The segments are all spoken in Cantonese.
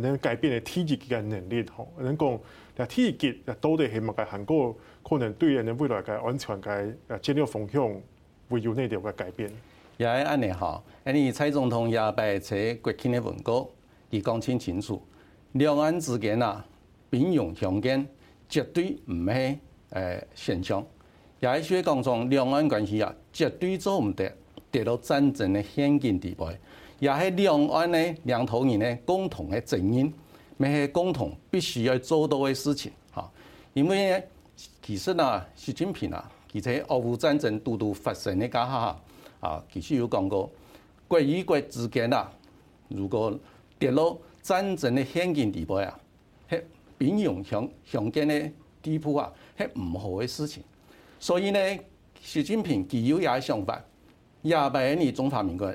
能改變的體制嘅能力吼，能講，那體制那到底係咪個韓國可能對人類未來嘅安全嘅戰略方向會有哪點嘅改變？也係安尼吓，安尼蔡總統也八日國慶嘅文稿已講清清楚，兩岸之間啊兵戎相見絕對唔係誒現象，也係說講從兩岸關係啊絕對做唔得跌到戰爭嘅險境地位。也係兩岸咧、兩頭人咧共同的責任，咪係共同必須要做到嘅事情。嚇，因為咧其實啊，習近平啊，其實俄烏戰爭都都發生的架下，啊，其實有講過國與國之間啊，如果跌落戰爭嘅陷阱地步啊，係兵戎相相見嘅地步啊，係唔好的事情。所以呢，習近平既有嘢想法，也畀你中華民國。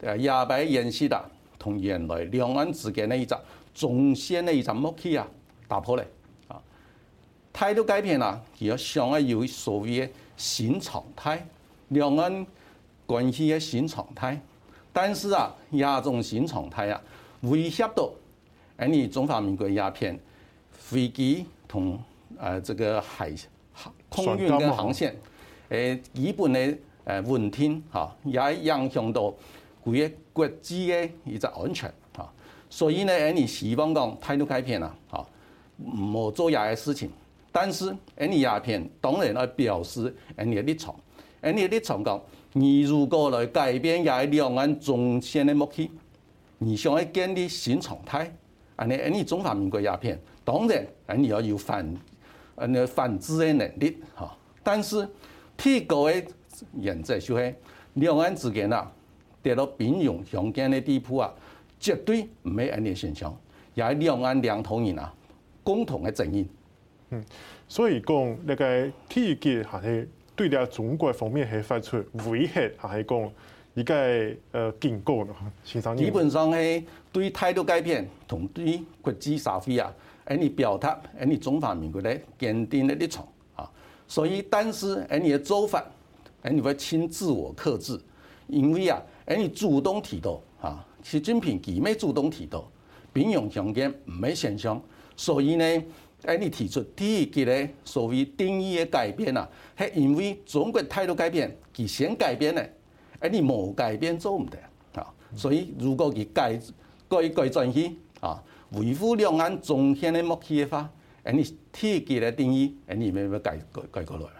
亞白演習的，同原來兩岸之間那一隻中線的，一隻默契啊，打破咧啊！態度改變啦，要想一有所謂嘅新常態，兩岸關係嘅新常態，但是啊，亞中新常態啊，威脅到，而你中華民國鴉片飛機同誒這個海空運嘅航線誒，基本嘅誒穩定哈，也影響到。國個國際的一個安全啊，所以呢，印尼希望講態度改變啦，哈，唔好做亞嘅事情。但是，印尼鴉片當然要表示印尼的立場，印尼的立場講，你如果來改變亞兩岸中線的默契，你想要建立新常態，啊，你印尼中華民國鴉片當然，你要要反呃，你要反制嘅能力哈。但是，提高嘅原則就係兩岸之間啊。跌到兵戎相見的地步啊，絕對唔喺呢啲現象也有兩岸兩同人啊，共同的陣營。嗯，所以講呢個體檢是對啲中國方面係發出威脅，係講呢個呃警告咯。基本上係對態度改變，同對國際社會啊，喺你表達喺你中華民國的堅定的立場。啊。所以但是喺你的做法，喺你會親自我克制。因為啊，誒你主動提到，啊，習近平佢沒主動提到，邊樣強檢唔係現象，所以呢，誒你提出第二句咧，所謂定義嘅改變啊，係因為中國態度改變，佢先改變嘅，誒你無改變做毋對啊，所以如果佢改改改轉去，啊，維護兩岸中線嘅默契嘅話，誒你第二句嘅定義，誒你咪咪改改改過來。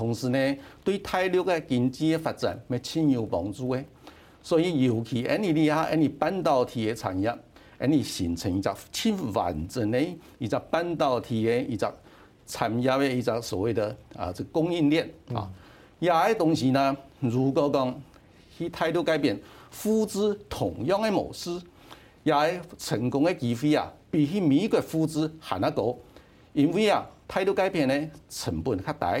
同時呢，對台灣嘅經濟嘅發展，咪輕有幫助嘅。所以，尤其印尼啊，印尼半導體嘅產業，印尼形成一隻千萬之內一隻半導體嘅一隻產業嘅一隻所謂的啊，即供應鏈啊。也係同時呢，如果講佢態度改變，複製同樣嘅模式，也係成功嘅機會啊，比去美國複製行得高，因為啊，態度改變呢，成本較大。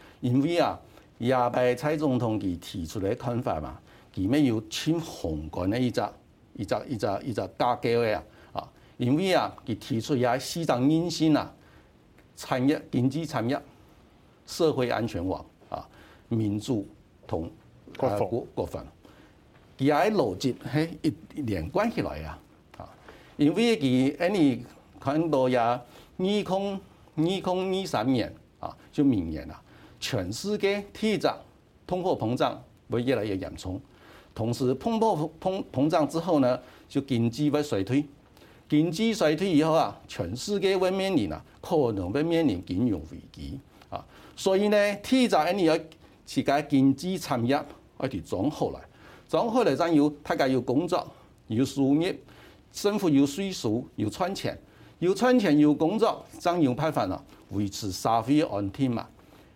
因為啊，亞伯蔡總統佢提出嚟嘅看法嘛，佢咩要穿紅嗰呢？一個一個一個一個架構嘅啊，因為啊，佢提出嘢四大韌性啊，產業經濟產業，社會安全網啊，民主同國國防，佢喺邏輯喺一連關起來啊，啊，因為佢誒你看到嘢，二空二空二三年啊，就明年啦。全世界脹通脹、通貨膨脹會越來越嚴重，同時通貨膨脹膨脹之後呢，就經濟會衰退。經濟衰退以後啊，全世界會面臨啊，可能會面臨金融危機啊。所以呢，通脹一定要去搞經濟產業我哋掌合嚟掌合嚟，真要大家要工作，要收入，政府要稅收，要賺錢，要賺錢，要工作，真要辦法啦，維持社會安定嘛。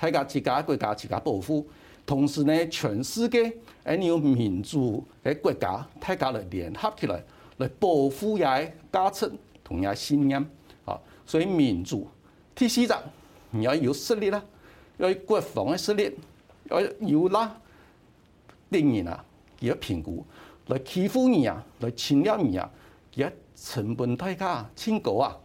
大家自家國家自家保護，同時呢，全世界誒有民主嘅國家大家來聯合起來來保護也加出同樣先人，啊！所以民主第四站你要有實力啦，要有國防嘅實力，要有拉敵人啊，佢一評估來欺負你啊，來侵略你啊，佢一成本太高啊，清個啊，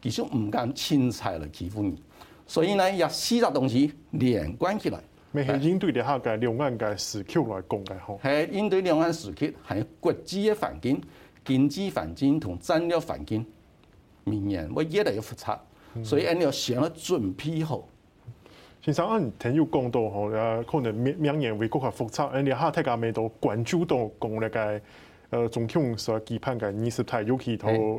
其實唔敢輕踩來欺負你。所以呢，要四隻東西連貫起來，係應、嗯嗯、對兩岸嘅時刻來講嘅。係應對兩岸時刻，係國際嘅環境、經濟環境同戰略環境，明年會越來越複雜，所以你要想要準備好。先生、嗯，我、嗯、聽你講到，可能明年會更加複雜，你下睇下咪多關注多國內嘅，誒，總統所期盼嘅四大韌性。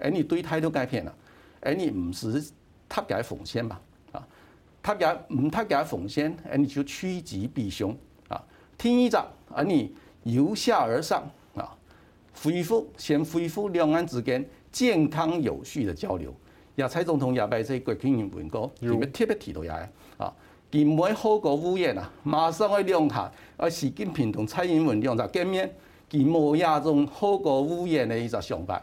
而你對態度改變了，而你唔是塔加奉獻吧？啊，塔加唔塔加奉獻，而你就趨吉避凶啊！聽一集，而你由下而上啊，恢復先恢復兩岸之間健康有序的交流。葉蔡總統也為這個英、啊、國慶文帥，特別提到一下啊，併冇好高騖遠啊，馬上要亮下。啊，習近平同蔡英文兩在見面，併冇亞種好高騖遠的一個想法。